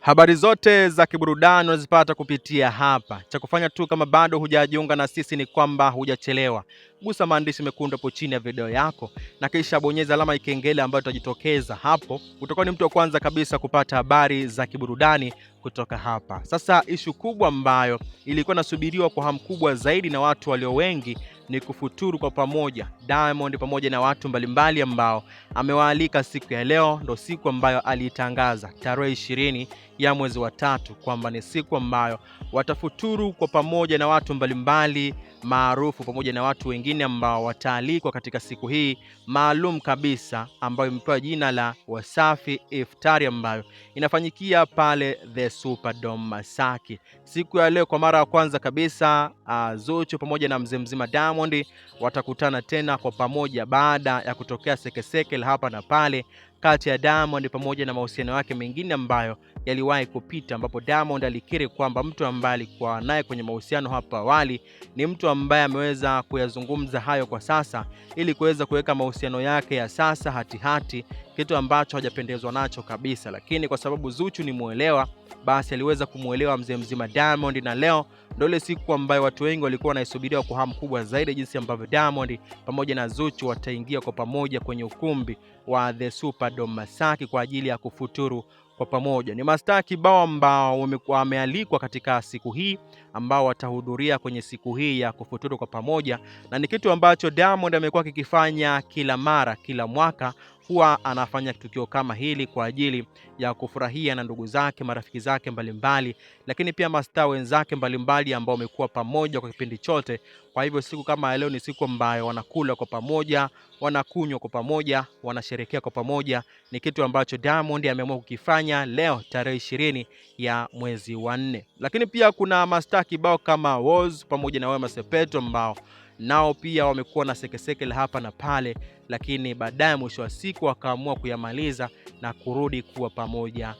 Habari zote za kiburudani unazipata kupitia hapa. Cha kufanya tu kama bado hujajiunga na sisi ni kwamba hujachelewa. Gusa maandishi mekundu hapo chini ya video yako na kisha bonyeza alama ya kengele ambayo itajitokeza hapo. Utakuwa ni mtu wa kwanza kabisa kupata habari za kiburudani kutoka hapa. Sasa, ishu kubwa ambayo ilikuwa inasubiriwa kwa hamu kubwa zaidi na watu walio wengi ni kufuturu kwa pamoja Diamond pamoja na watu mbalimbali ambao amewaalika siku ya leo. Ndo siku ambayo aliitangaza tarehe ishirini ya mwezi wa tatu kwamba ni siku ambayo watafuturu kwa pamoja na watu mbalimbali maarufu pamoja na watu wengine ambao wataalikwa katika siku hii maalum kabisa ambayo imepewa jina la Wasafi Iftari ambayo inafanyikia pale The Superdome Masaki siku ya leo. Kwa mara ya kwanza kabisa, uh, Zuchu pamoja na mzee mzima Diamond watakutana tena kwa pamoja baada ya kutokea sekeseke la hapa na pale kati ya Diamond pamoja na mahusiano yake mengine ambayo yaliwahi kupita, ambapo Diamond alikiri kwamba mtu ambaye alikuwa naye kwenye mahusiano hapo awali ni mtu ambaye ameweza kuyazungumza hayo kwa sasa ili kuweza kuweka mahusiano yake ya sasa hatihati hati, kitu ambacho hajapendezwa nacho kabisa, lakini kwa sababu Zuchu ni mwelewa, basi aliweza kumwelewa mzee mzima Diamond na leo ndio ile siku ambayo watu wengi walikuwa wanaisubiria kwa hamu kubwa zaidi, jinsi ambavyo Diamond pamoja na Zuchu wataingia kwa pamoja kwenye ukumbi wa The Superdome Masaki kwa ajili ya kufuturu kwa pamoja. Ni mastaa kibao ambao wamealikwa katika siku hii ambao watahudhuria kwenye siku hii ya kufuturu kwa pamoja, na ni kitu ambacho Diamond amekuwa kikifanya kila mara, kila mwaka huwa anafanya tukio kama hili kwa ajili ya kufurahia na ndugu zake, marafiki zake mbalimbali, lakini pia mastaa wenzake mbalimbali familia ambao wamekuwa pamoja kwa kipindi chote. Kwa hivyo siku kama leo ni siku ambayo wanakula kwa pamoja, wanakunywa kwa pamoja, wanasherekea kwa pamoja. Ni kitu ambacho Diamond ameamua kukifanya leo tarehe ishirini ya mwezi wa nne. Lakini pia kuna mastaa kibao kama Woz pamoja na Wema Sepeto ambao nao pia wamekuwa na sekeseke la hapa na pale, lakini baadaye mwisho wa siku wakaamua kuyamaliza na kurudi kuwa pamoja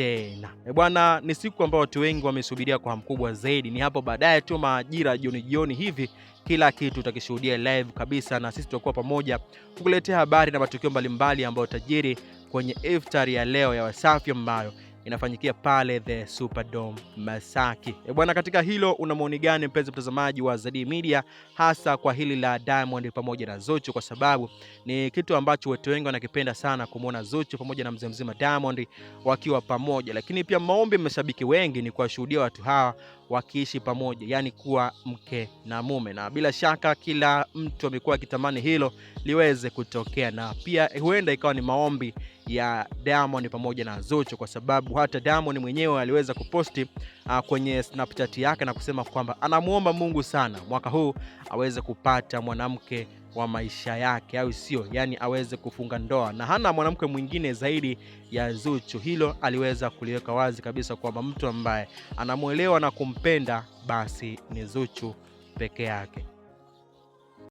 tena. E bwana, ni siku ambayo watu wengi wamesubiria kwa mkubwa zaidi. Ni hapo baadaye tu majira jioni jioni hivi, kila kitu utakishuhudia live kabisa, na sisi tutakuwa pamoja kukuletea habari na matukio mbalimbali ambayo tajiri kwenye iftari ya leo ya Wasafi ambayo inafanyikia pale the Superdome Masaki. E bwana, katika hilo una maoni gani mpenzi mtazamaji wa Zedee Media, hasa kwa hili la Diamond pamoja na Zuchu? Kwa sababu ni kitu ambacho watu wengi wanakipenda sana kumwona Zuchu pamoja na mzee mzima Diamond wakiwa pamoja, lakini pia maombi mashabiki wengi ni kuwashuhudia watu hawa wakiishi pamoja, yaani kuwa mke na mume, na bila shaka kila mtu amekuwa akitamani hilo liweze kutokea, na pia huenda ikawa ni maombi ya Diamond pamoja na Zuchu, kwa sababu hata Diamond mwenyewe aliweza kuposti uh, kwenye Snapchat yake na kusema kwamba anamwomba Mungu sana mwaka huu aweze kupata mwanamke wa maisha yake, au sio? Yani aweze kufunga ndoa na hana mwanamke mwingine zaidi ya Zuchu. Hilo aliweza kuliweka wazi kabisa kwamba mtu ambaye anamwelewa na kumpenda basi ni Zuchu peke yake.